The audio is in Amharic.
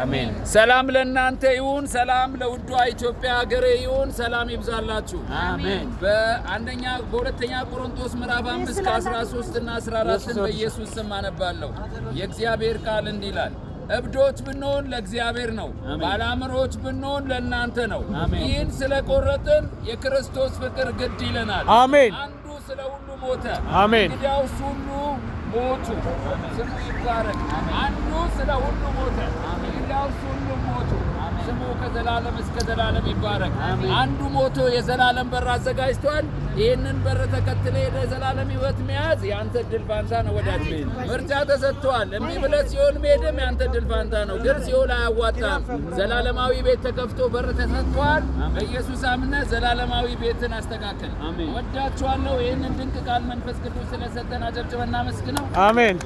አሜን። ሰላም ለእናንተ ይሁን፣ ሰላም ለውዷ ኢትዮጵያ ሀገሬ ይሁን፣ ሰላም ይብዛላችሁ። አሜን። በአንደኛ በሁለተኛ ቆሮንቶስ ምዕራፍ 5 ከ13 እና 14 በኢየሱስ ስም አነባለሁ። የእግዚአብሔር ቃል እንዲህ ይላል፣ እብዶች ብንሆን ለእግዚአብሔር ነው፣ ባላምሮች ብንሆን ለእናንተ ነው። ይህን ስለቆረጥን የክርስቶስ ፍቅር ግድ ይለናል። አሜን። አንዱ ስለ ሁሉ ሞተ። አሜን። እንግዲያውስ ሁሉ ሞቱ። ስሙ ይባረክ። አንዱ ስለ ሁሉ ከእነርሱ ሁሉ ሞቱ። ስሙ ከዘላለም እስከ ዘላለም ይባረክ። አንዱ ሞቶ የዘላለም በር አዘጋጅቷል። ይህንን በር ተከትለ ሄደ ዘላለም ሕይወት መያዝ የአንተ ድል ፋንታ ነው። ወዳጅ ምርጫ ተሰጥቷል። እምቢ ብለህ ሲኦል መሄድም የአንተ ድል ፋንታ ነው። ግን ሲኦል አያዋጣም። ዘላለማዊ ቤት ተከፍቶ በር ተሰጥቷል። በኢየሱስ አምነህ ዘላለማዊ ቤትን አስተካከል። ወዳችኋለሁ። ይህንን ድንቅ ቃል መንፈስ ቅዱስ ስለሰጠን አጨብጭበን እናመስግነው። አሜን።